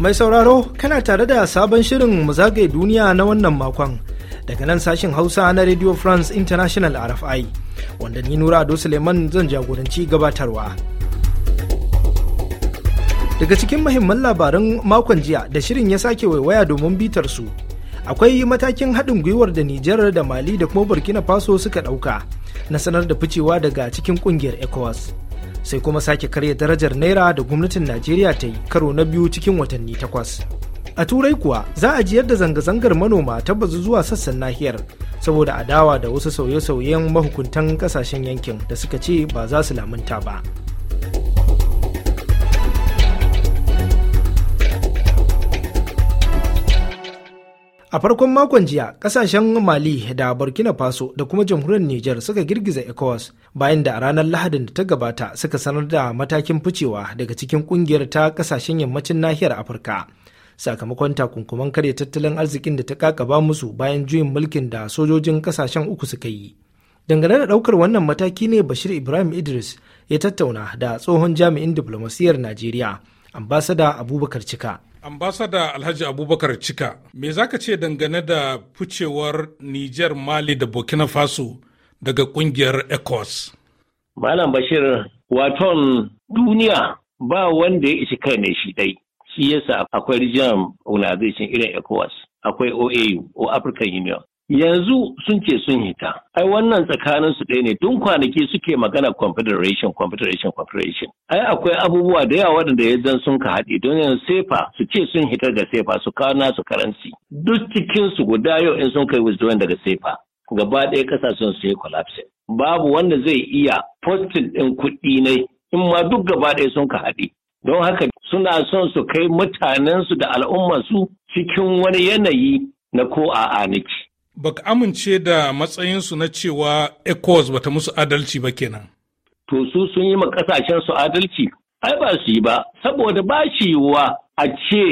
Mai sauraro kana tare da sabon shirin mu zagaye duniya na wannan makon daga nan sashin Hausa na Radio France International RFI wanda ni Nura Ado Suleiman zan jagoranci gabatarwa. Daga cikin mahimman labaran makon jiya da shirin ya sake waiwaya domin bitar su akwai matakin haɗin gwiwar da Nijar da Mali da kuma Burkina Faso suka ɗauka na sanar da ficewa daga cikin ƙungiyar ECOWAS. sai kuma sake karya darajar naira da gwamnatin najeriya ta yi karo na biyu cikin watanni takwas a turai kuwa za a ji yadda zanga-zangar manoma ta bazu zuwa sassan nahiyar saboda adawa da wasu sauye-sauyen mahukuntan kasashen yankin da suka ce ba za su lamunta ba A farkon makon jiya, kasashen Mali da Burkina Faso da kuma jamhuriyar Nijar suka girgiza ECOWAS bayan da a ranar Lahadin da ta gabata suka sanar da matakin ficewa daga cikin kungiyar ta kasashen yammacin nahiyar Afirka. Sakamakon takunkuman karya tattalin arzikin da ta kakaba musu bayan juyin mulkin da sojojin kasashen uku suka yi. Dangane da ɗaukar wannan mataki ne Bashir Ibrahim Idris ya tattauna da tsohon jami'in diflomasiyyar Najeriya, ambasada Abubakar Cika. Ambasada Alhaji Abubakar Cika, me za ka ce dangane da ficewar Niger, Mali da Burkina Faso daga kungiyar ECOWAS? Malam Bashir, waton duniya ba wanda ya isi kai ne shi dai. Shi yasa akwai regional organization irin ECOWAS, akwai OAU, o African Union, yanzu sun ce sun hita ai wannan tsakanin su ɗaya ne tun kwanaki suke magana confederation confederation confederation ai akwai abubuwa da yawa waɗanda ya zan sun ka haɗe don yanzu sefa su ce sun hita daga sefa su kawo nasu karansi duk cikin su guda yau in sun kai withdrawal daga sefa gaba ɗaya ƙasashen su ya collapse babu wanda zai iya postin ɗin kuɗi ne in ma duk gaba ɗaya sun ka haɗe don haka suna son su kai mutanensu da al'ummarsu cikin wani yanayi na ko a'a niki ba ka amince da matsayinsu na cewa ECOWAS bata musu adalci ba kenan. To su sun yi ma su adalci? Ai ba su yi ba, saboda ba shi yiwuwa a ce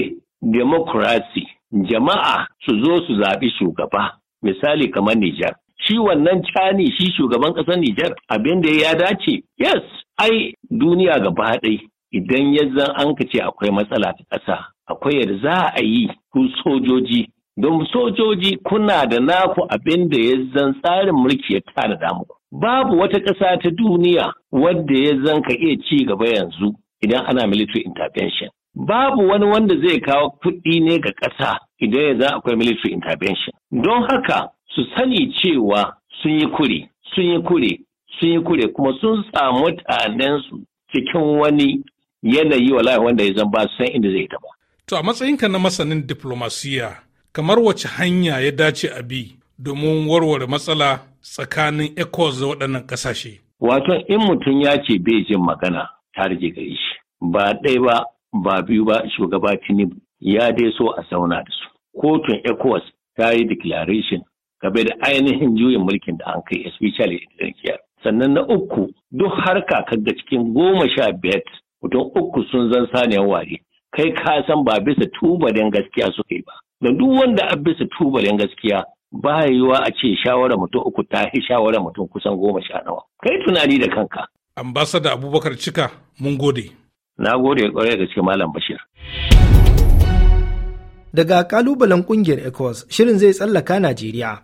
demokrasi jama'a su zo su zaɓi shugaba. Misali kamar Nijar. Shi wannan cani shi shugaban ƙasar Nijar abin da ya dace? Yes, ai duniya gaba ɗai idan yadda an ka ce akwai matsala ta ƙasa akwai yadda za a yi ku sojoji Don sojoji kuna da naku abin da ya zan tsarin mulki ya tara da muku. Babu wata ƙasa ta duniya wadda ya zan ka iya ci gaba yanzu idan ana military intervention. Babu wani wanda zai kawo kuɗi ne ga ƙasa idan ya za akwai military intervention. Don haka su sani cewa sun yi kure, sun yi kure, sun yi kure kuma sun samu mutanensu cikin wani yanayi wa wanda ya zan ba su san inda zai taba To a matsayinka na masanin diplomasiya kamar wace hanya ya dace a bi domin warware matsala tsakanin ECOWAS da waɗannan ƙasashe. Wato in mutum ya ce bai jin magana ta rage gare shi ba ɗaya ba ba biyu ba shugaba Tinubu ya dai so a zauna da su. Kotun ECOWAS ta yi declaration game da ainihin juyin mulkin da an kai especially Nigeria. Sannan na uku duk harka kaga cikin goma sha biyar mutum uku sun zan saniyar ware kai ka san ba bisa tubalin gaskiya suka yi ba. da duk wanda a bisa tubalin gaskiya ba yiwa a ce shawara mutum uku ta yi shawara mutum kusan goma sha nawa kai tunani da kanka ambasada abubakar cika mun gode na gode kwarai da cikin malam bashir daga kalubalen kungiyar ecowas shirin zai tsallaka najeriya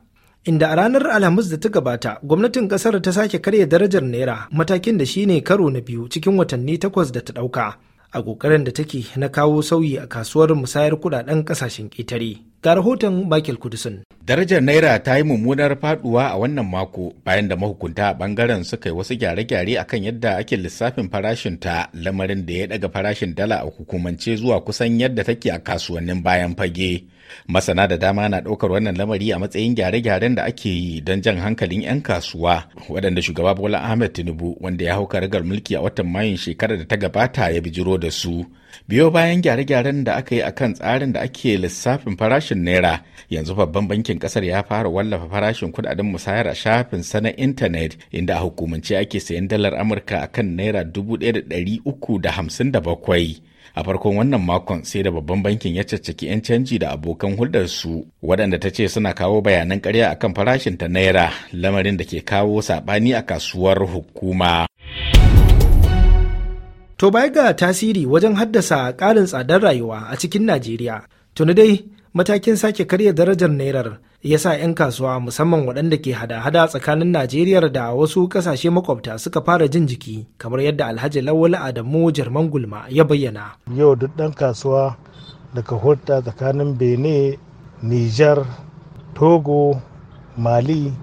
inda a ranar alhamis da ta gabata gwamnatin kasar ta sake karya darajar naira matakin da shine karo na biyu cikin watanni takwas da ta dauka a kokarin da take na kawo sauyi a kasuwar musayar kudaden ƙasashen ƙetare. Ga rahoton Michael Kudusun. Darajar Naira ta yi mummunar faduwa a wannan mako bayan da mahukunta a bangaren suka yi wasu gyare-gyare akan yadda ake lissafin farashin ta lamarin da ya daga farashin dala a hukumance zuwa kusan yadda take a kasuwannin bayan fage. masana da dama na ɗaukar wannan lamari a matsayin gyare-gyaren da ake yi don jan hankalin 'yan kasuwa waɗanda shugaba bola ahmed tinubu wanda ya hau karagar mulki a watan mayun shekarar da ta gabata ya bijiro da su biyo bayan gyare-gyaren da aka yi a kan tsarin da ake lissafin farashin naira yanzu babban bankin kasar ya fara wallafa farashin kudaden musayar a shafin sana intanet inda a hukumance ake sayan dalar amurka a kan naira bakwai. a farkon wannan makon sai da babban bankin ya caccaki 'yan canji da abokan su waɗanda ta ce suna kawo bayanan ƙarya akan farashin ta naira lamarin da ke kawo saɓani a kasuwar hukuma. To bai ga tasiri wajen haddasa ƙarin tsadar rayuwa a cikin Najeriya, tuni dai matakin sake karya darajar nairar ya sa 'yan kasuwa musamman waɗanda ke hada-hada tsakanin najeriya da wasu ƙasashe makwabta suka fara jin jiki kamar yadda alhaji lawal adamu jarman gulma ya bayyana yau duk ɗan kasuwa daga hulɗa tsakanin benin niger togo mali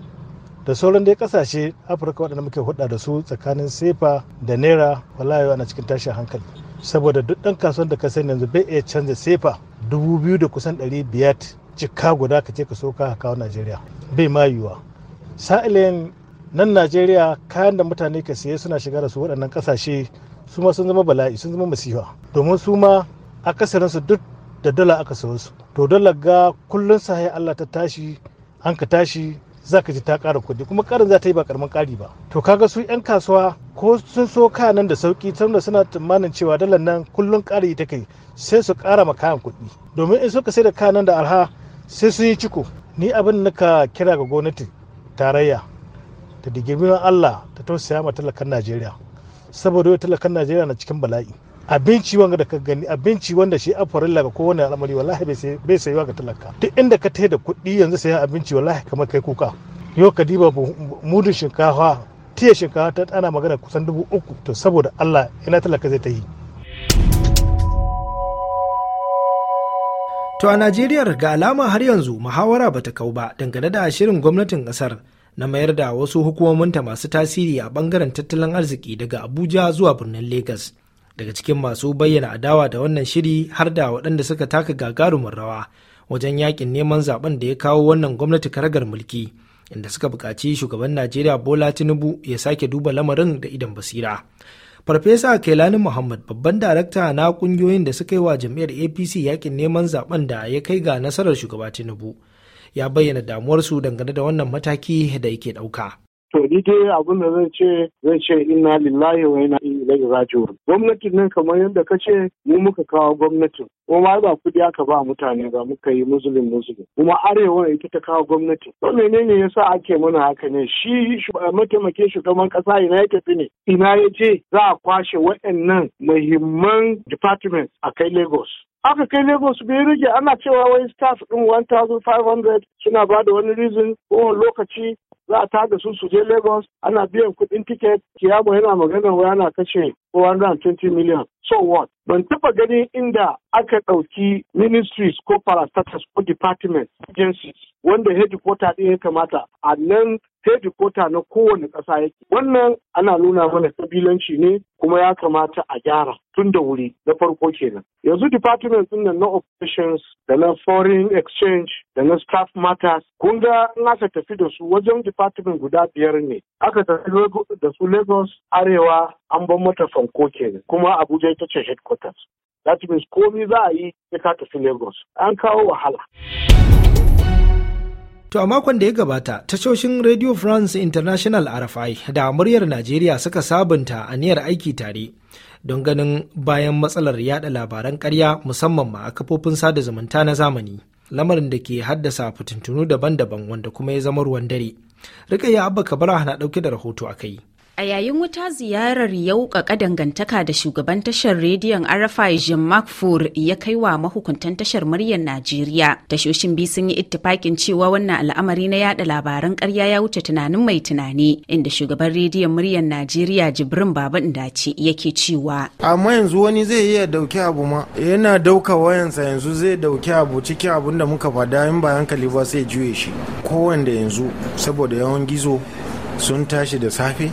da sauran dai kasashe afirka waɗanda muke hulɗa da su tsakanin sefa da naira wallahi ana cikin tashin hankali saboda duk ɗan kasuwan da ka sani yanzu bai iya canza sefa dubu biyu da kusan ɗari biyar cikka guda ka ce ka so ka kawo najeriya bai ma yiwuwa sa'ilin nan najeriya kayan da mutane ka siye suna shiga da su waɗannan ƙasashe su ma sun zama bala'i sun zama masifa domin su ma akasarinsu duk da dala aka sayo su to dala ga kullum sahi allah ta tashi an ka tashi za ka ji ta ƙara kuɗi kuma ƙarin za ta yi ba ƙaramin ƙari ba to kaga su 'yan kasuwa ko sun so kayan nan da sauki tunda suna tumanin cewa dalar nan kullum ƙari ta kai sai su ƙara ma kayan kuɗi domin in suka sai da kayan nan da arha sai sun yi ciko ni abin da ka kira ga gwamnati tarayya ta digirmin Allah ta tausaya ma talakan Najeriya saboda talakan Najeriya na cikin bala'i abinci wanga da gani abinci wanda shi a farilla ga kowane al'amari wallahi bai sayuwa ga talaka duk inda ka tai da kuɗi yanzu sayan abinci wallahi kamar kai kuka yau ka diba mudun shinkafa tiya shinkafa ta ana magana kusan dubu uku to saboda allah ina talaka zai ta yi To a Najeriya ga alama har yanzu muhawara bata kau ba dangane da shirin gwamnatin kasar na mayar da wasu hukumominta masu tasiri a bangaren tattalin arziki daga Abuja zuwa birnin Legas daga cikin masu bayyana adawa da wannan shiri har da waɗanda suka taka gagarumin rawa wajen yakin neman zaben da ya kawo wannan gwamnati karagar mulki inda suka buƙaci shugaban najeriya bola tinubu ya sake duba lamarin da idan basira farfesa kailani muhammad babban darakta na ƙungiyoyin da suka yi wa jam'iyyar apc yakin neman zaben da ya kai ga nasarar shugaba tinubu ya bayyana damuwarsu dangane da wannan mataki da yake ɗauka To ni dai abin da zai ce zai ce inna lillahi wa inna ilaihi raji'un. Gwamnatin nan kamar yadda ka ce mu muka kawo gwamnatin. Kuma ba kudi aka ba mutane ba muka yi musulun musulun. Kuma arewa ita ta kawo gwamnati. To menene yasa ake mana haka ne? Shi eh, mataimakin shugaban kasa ina ya tafi ne? Ina ya ce za a kwashe waɗannan muhimman departments a kai Lagos. aka kai Lagos bai rage ana cewa wai staff ɗin 1500 suna ba da wani reason kowane lokaci za a tada su su je Lagos ana biyan kuɗin tiket kiyamo yana magana wai ana kashe 420 million so what ban taba gani inda aka ɗauki ministries ko parastatus ko departments agencies wanda headquarter ɗin ya kamata a nan hedikota na kowane ƙasa yake wannan ana nuna mana kabilanci ne kuma ya kamata a gyara tun da wuri na farko kenan yanzu department din na operations da na foreign exchange da na staff matters kun ga in aka tafi da su wajen department guda biyar ne aka tafi da su lagos arewa an ban mata fanko kenan kuma abuja ita ce headquarters that means komi za a yi ya ka tafi lagos an kawo wahala To a makon da ya gabata, tashoshin Radio France International RFI da muryar Najeriya suka sabunta aniyar aiki tare don ganin bayan matsalar yada labaran karya musamman ma a kafofin sada zumunta na zamani. Lamarin da ke haddasa fitintunu daban-daban wanda kuma ya zama ruwan dare. ya Abba Kabara na ɗauke da rahoto a kai. A yayin wuta ziyarar yauƙaƙa dangantaka da shugaban tashar rediyon arafa Jim Makfur ya kai wa mahukuntan tashar muryar Najeriya. Tashoshin biyu sun yi ittifakin cewa wannan al'amari na yada labaran karya ya wuce tunanin mai tunani inda shugaban rediyon muryar Najeriya Jibrin Baban Dace yake cewa. Amma yanzu wani zai iya dauki abu ma yana dauka wayansa yanzu zai dauki abu ciki abun da muka fada in ba hankali ba sai juye shi. Kowanda yanzu saboda yawan gizo sun tashi da safe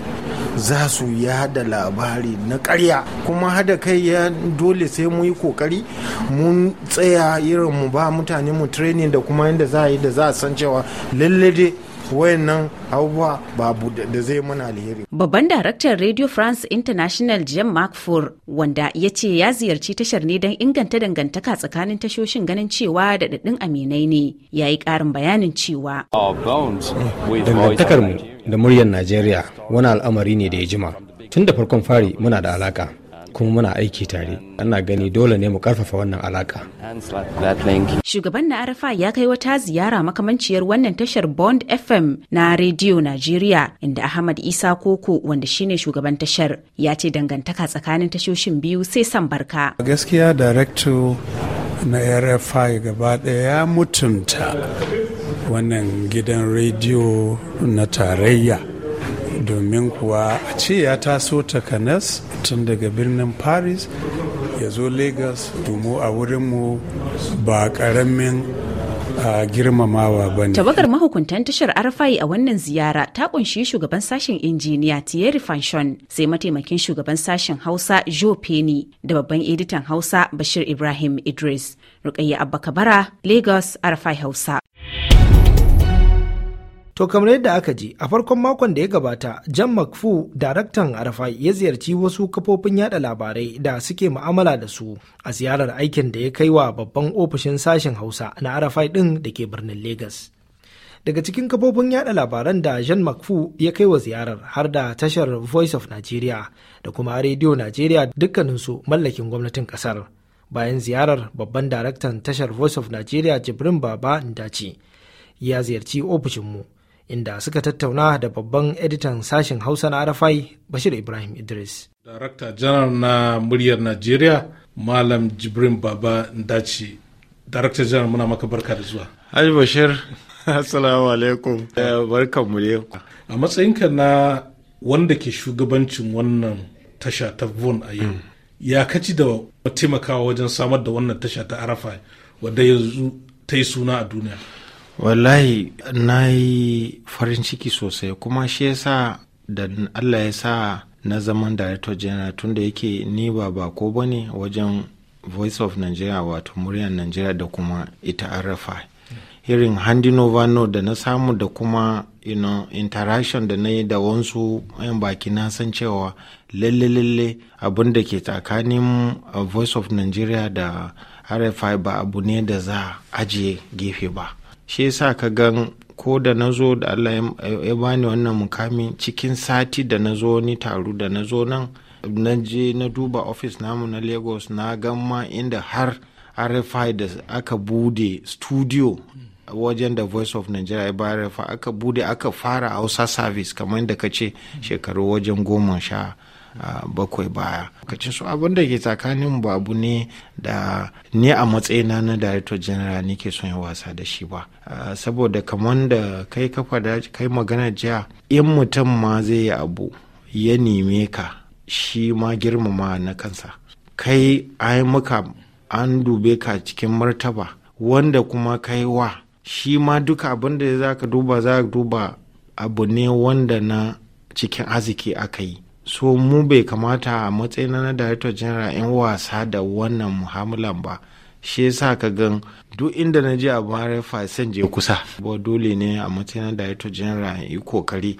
za su yada labari na karya kuma hada kai ya dole sai mu yi kokari mun tsaya irin mu ba mutane mu training da kuma yadda za a yi da za a san cewa lalle dai wayannan abubuwa babu da zai mana alheri. Babban daraktan Radio France International Jim Macfour wanda ya ce ya ziyarci tashar ne don inganta dangantaka tsakanin tashoshin ganin cewa da daɗin aminai ne ya yi ƙarin bayanin cewa. Eh, Dangantakar da muryar Najeriya wani al'amari ne da ya jima. Tun da farkon fari muna da alaka kuma muna aiki tare. Ana gani dole ne mu karfafa wannan alaka. Shugaban na Arafa ya kai wata ziyara makamanciyar wannan tashar Bond FM na Radio Najeriya inda Ahmad Isa Koko wanda shine shugaban tashar ya ce dangantaka tsakanin tashoshin biyu sai san barka. Gaskiya director na RFI gaba ɗaya ya mutunta wannan gidan rediyo na tarayya domin kuwa a ce ya taso takanas tun daga birnin paris ya zo lagos domin a wurinmu ba karamin a girmamawa ba ne. tabakar mahukuntan tashar Arfai a wannan ziyara ta kunshi shugaban sashen injiniya Thierry Fanchon sai mataimakin shugaban sashen Hausa Joe Penny da babban editan Hausa Bashir Ibrahim Idris. Rukayya Abba Kabara, Lagos, Arfai Hausa. To kamar yadda aka ji a farkon makon da ya gabata, Jan Makfu, daraktan Arafai ya ziyarci wasu kafofin yada labarai da suke mu'amala da su a ziyarar aikin da ya kai wa babban ofishin sashen Hausa na Arafai ɗin da ke birnin Legas. Daga cikin kafofin yada labaran da Jan Makfu ya kai wa ziyarar har da tashar Voice of Nigeria da kuma Radio Nigeria dukkaninsu mallakin gwamnatin kasar. Bayan ziyarar babban daraktan tashar Voice of Nigeria Jibrin Baba Ndaci ya ziyarci ofishinmu inda suka tattauna da babban editan sashen hausa na arafai bashir ibrahim idris Director janar na muryar najeriya malam jibrin baba ndaci Director janar muna maka barka da zuwa haji bashir assalamu alaikum eh, barkan mu ne a matsayinka na wanda ke shugabancin wannan tasha ta von a yau mm. ya kaci da taimakawa wajen samar da wannan tasha ta arafa wadda yanzu ta yi suna a duniya wallahi na yi farin ciki sosai kuma shi yasa da allah ya sa na zaman director general tunda yake ni ba bako ba ne wajen voice of nigeria wato muryar nigeria da kuma ita rfi irin handi no da na samu da kuma you know, interaction da na yi da wansu yan baki na san cewa lalle lalle abin da ke tsakanin voice of nigeria da rfi ba abu ne da za a ajiye gefe ba shi yasa ka gan ko da na zo da Allah ya bani wannan mukami cikin sati da na zo ni taro da na zo nan na je na duba ofis namu na lagos na ma inda har rfi da aka bude studio wajen da voice of nigeria ya bayar aka bude aka fara hausa service kamar da ka ce shekaru wajen goma sha bakwai baya kacin su abin da ke tsakanin babu ne da ni a matsayina na director general ni ke son yi wasa da shi ba saboda kamar da kai kafa da kai magana jiya in mutum ma zai yi abu ya neme ka shi ma girmama na kansa kai ai muka an dube ka cikin martaba wanda kuma kai wa shi ma duka abin da za ka duba za ka duba abu ne wanda na cikin arziki aka yi so mu bai kamata a matsayin na director general yan wasa da wannan muhammulan ba shi yasa ka gan duk inda na ji abu harafa san je kusa ba dole ne a matsayin na director general yi kokari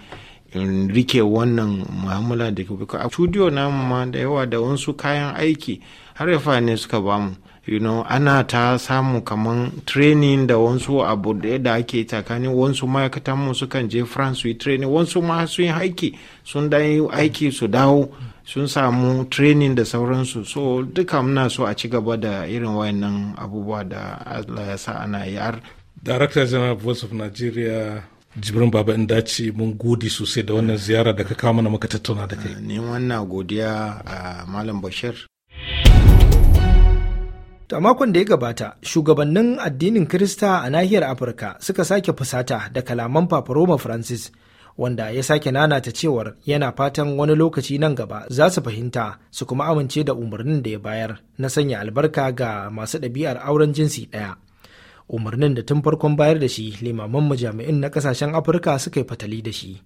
in rike wannan muhammala da ke a studio na ma da yawa da wasu kayan aiki harafa ne suka bamu you know, ana ta samu kaman training da wansu abu da ake tsakanin wasu ma'aikatan mu sukan je france suyi yi training wansu ma sun yi aiki sun da aiki su dawo sun samu training da sauransu so duka muna so a ci gaba da irin wayannan abubuwa da allah ya sa ana yi har director general voice of nigeria jibrin baba in dace mun gode sosai da wannan ziyara da ka kawo mana muka tattauna da kai ne wannan godiya a ah, malam bashir a makon da ya gabata shugabannin addinin Kirista a nahiyar Afirka suka sake fusata da kalaman Papa Roma Francis wanda ya sake nanata cewar yana fatan wani lokaci nan gaba za su fahimta su kuma amince da umarnin da ya bayar na sanya albarka ga masu ɗabi'ar auren jinsi ɗaya. Umarnin da tun farkon bayar da shi limaman majami'in na ƙasashen Afirka suka yi fatali da shi.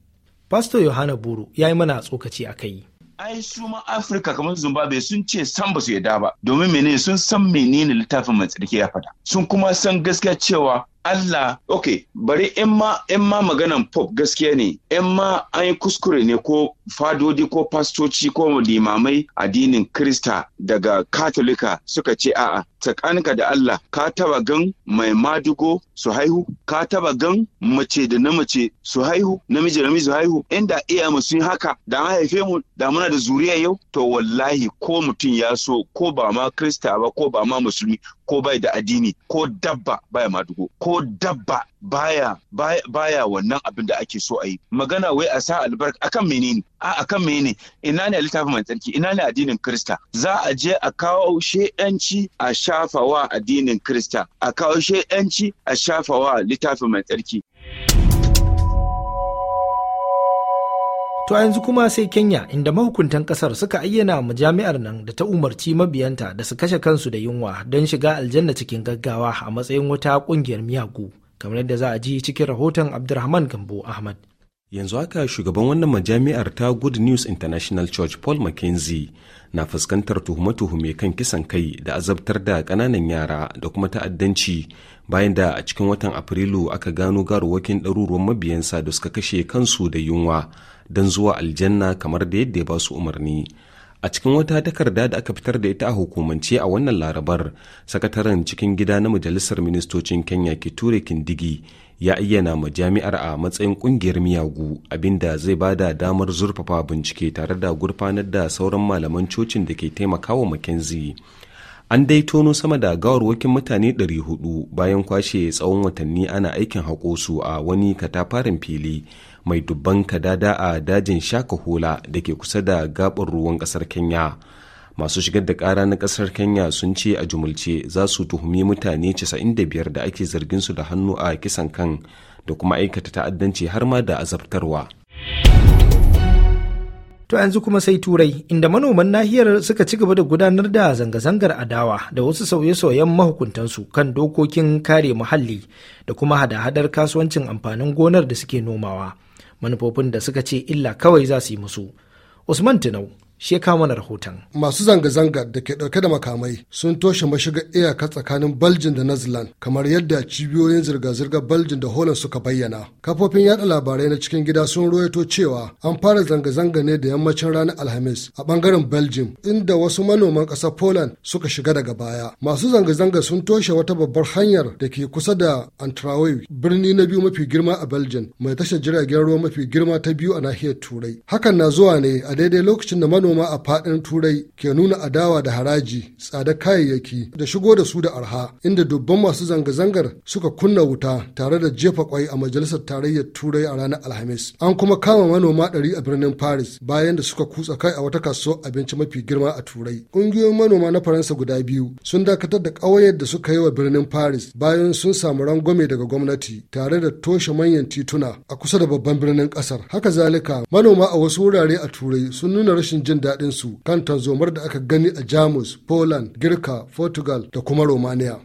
Pasto Yohana Buru ya yi mana tsokaci a kai. ai su ma Afirka kamar Zimbabwe sun ce san ba su yarda ba domin menene sun san menene littafin mai tsarki ya faɗa sun kuma san gaskiya cewa Allah ok bari in ma in ma maganan pop gaskiya ne in ma an yi kuskure ne ko fadodi ko pastoci ko limamai addinin Krista daga Katolika suka ce a'a tsakaninka da Allah ka taba gan mai madugo su haihu ka taba gan mace da mace su haihu namiji da namiji su haihu inda iya mu sun haka da an haife mu da muna da zuriya yau to wallahi ko mutum ya so ko ba ma krista ba ko ba ma musulmi ko bai da addini ko dabba bai madugo ko dabba baya baya wannan abin da ake so a yi magana wai a sa albarka akan menene a akan menene ina ne littafin mai tsarki ina ne addinin krista za a je a kawo she'anci a shafawa addinin krista a kawo she'anci a shafawa littafin mai tsarki To yanzu kuma sai Kenya inda mahukuntan kasar suka ayyana mu jami'ar nan da ta umarci mabiyanta da su kashe kansu da yunwa don shiga aljanna cikin gaggawa a matsayin wata kungiyar miyagu. kamar yadda za a ji cikin rahoton abdulrahman gambo ahmad yanzu haka shugaban wannan majami'ar ta good news international church paul mckenzie na fuskantar tuhume-tuhume kan kisan kai da azabtar da kananan yara da kuma ta'addanci bayan da a cikin watan afrilu aka gano garuwakin ɗaruruwan mabiyansa da suka kashe kansu da yunwa don zuwa aljanna kamar da yadda ya ba su umarni a cikin wata takarda da aka fitar da ita a hukumance a wannan larabar sakataren cikin gida na majalisar ministocin kenya kiture kindigi ya ayyana ma jami'ar a matsayin kungiyar miyagu abinda zai ba da damar zurfafa bincike tare da gurfanar da sauran malaman cocin da ke taimakawa Makenzi. an dai tono sama da gawarwakin mutane 400 bayan kwashe tsawon watanni ana aikin haƙo su a wani katafaren fili mai dubban kadada a dajin shakahola da ke kusa da gabar ruwan kasar kenya masu shigar da kara na kasar kenya sun ce a jumulce za su tuhumi mutane 95 da ake zargin su da hannu a kisan kan da kuma aikata ta'addanci har ma da azabtarwa to yanzu kuma sai turai inda manoman nahiyar suka ci gaba da gudanar da zanga-zangar adawa da wasu sauye-sauyen mahukuntansu kan dokokin kare muhalli da kuma hada-hadar kasuwancin amfanin gonar da suke nomawa. manufofin da suka ce illa kawai za su yi musu usman tinau shi mana rahoton. Masu zanga-zanga da ke ɗauke da makamai sun toshe mashigar iyaka tsakanin Belgium da Netherlands kamar yadda cibiyoyin zirga zirga Belgium da Holland suka bayyana. Kafofin yada labarai na cikin gida sun ruwaito cewa an fara zanga-zanga ne da yammacin ranar Alhamis a bangaren Belgium inda wasu manoman ƙasar Poland suka shiga daga baya. Masu zanga-zanga sun toshe wata babbar hanyar da ke kusa da Antraoy birni na biyu mafi girma a Belgium mai tashar jiragen ruwa mafi girma ta biyu a nahiyar Turai. Hakan na zuwa ne a daidai lokacin da manoma manoma a fadin turai ke nuna adawa da haraji tsada kayayyaki da shigo da su da arha inda dubban masu zanga-zangar suka kunna wuta tare da jefa kwai a majalisar tarayyar turai a ranar alhamis an kuma kama manoma ɗari a birnin paris bayan da suka kutsa kai a wata kasuwar abinci mafi girma a turai ƙungiyoyin manoma na faransa guda biyu sun dakatar da ƙauyar da suka yi wa birnin paris bayan sun samu rangwame daga gwamnati tare da toshe manyan tituna a kusa da babban birnin ƙasar haka zalika manoma a wasu wurare a turai sun nuna rashin jin daɗin su kan tanzomar da aka gani a Jamus, Poland, Girka, Portugal da kuma Romania.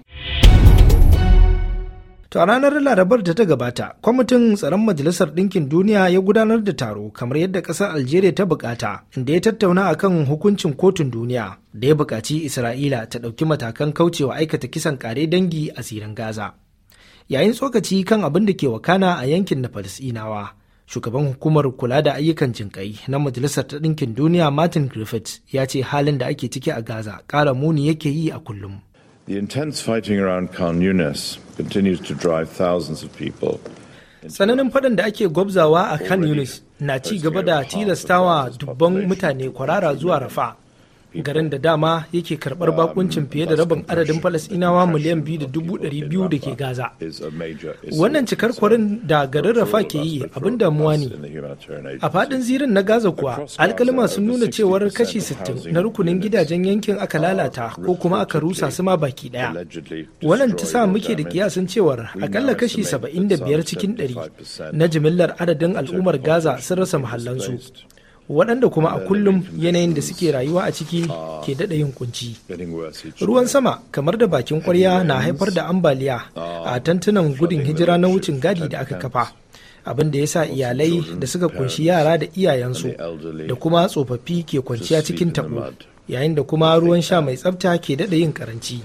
To a ranar Larabar da ta gabata, kwamitin tsaron Majalisar Ɗinkin Duniya ya gudanar da taro kamar yadda ƙasar Algeria ta bukata, inda ya tattauna akan hukuncin kotun duniya da ya bukaci Isra'ila ta ɗauki matakan kaucewa aikata kisan ƙare dangi a tsirin Gaza. Yayin tsokaci kan abin da ke wakana a yankin na Falasɗinawa. shugaban hukumar kula da ayyukan jinƙai na majalisar ta ɗinkin duniya martin griffith ya ce halin da ake ciki a gaza ƙara muni yake yi a kullum the intense fighting around khan continues to drive thousands of people tsananin faɗin da ake gwabzawa a khan yunis na ci gaba da tilastawa dubban mutane kwarara zuwa rafa garin da dama yake karbar um, bakuncin fiye da rabin adadin falasinawa miliyan biyu da dubu ɗari biyu da ke gaza wannan cikar kwarin da garin rafa ke yi abin damuwa ne a fadin zirin na gaza kuwa alkalima sun nuna cewar kashi 60 na rukunin gidajen yankin aka lalata ko kuma aka rusa su ma baki daya wannan ta sa muke da kiyasin cewar akalla kashi 75 cikin 100 na jimillar adadin al'ummar gaza sun rasa muhallansu. waɗanda kuma a kullum yanayin da suke rayuwa a ciki ke daɗa yin kunci. Ruwan sama kamar da bakin kwarya na haifar da ambaliya a tantunan gudun hijira na wucin gadi da aka kafa. abin da ya sa iyalai da suka kunshi yara da iyayensu da kuma tsofaffi ke kwanciya cikin taɓo yayin da kuma ruwan sha mai tsafta ke daɗa yin karanci.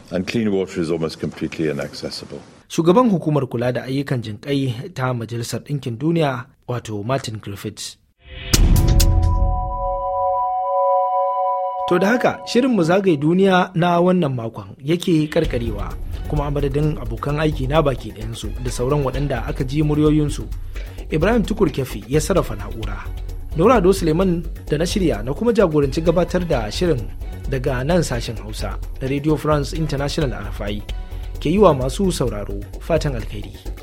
Shugaban hukumar kula da ayyukan jinƙai ta Majalisar Ɗinkin Duniya wato Martin Griffiths To da haka shirin mu zagaye duniya na wannan makon yake karkarewa kuma madadin abokan aiki na baki ɗayansu da sauran waɗanda aka ji muryoyinsu. Ibrahim Tukur Kefi ya sarrafa na'ura. Nora Ado Suleiman da na shirya na kuma jagoranci gabatar da shirin daga nan sashen Hausa da Radio France International RFI ke yi wa masu sauraro fatan alkhairi.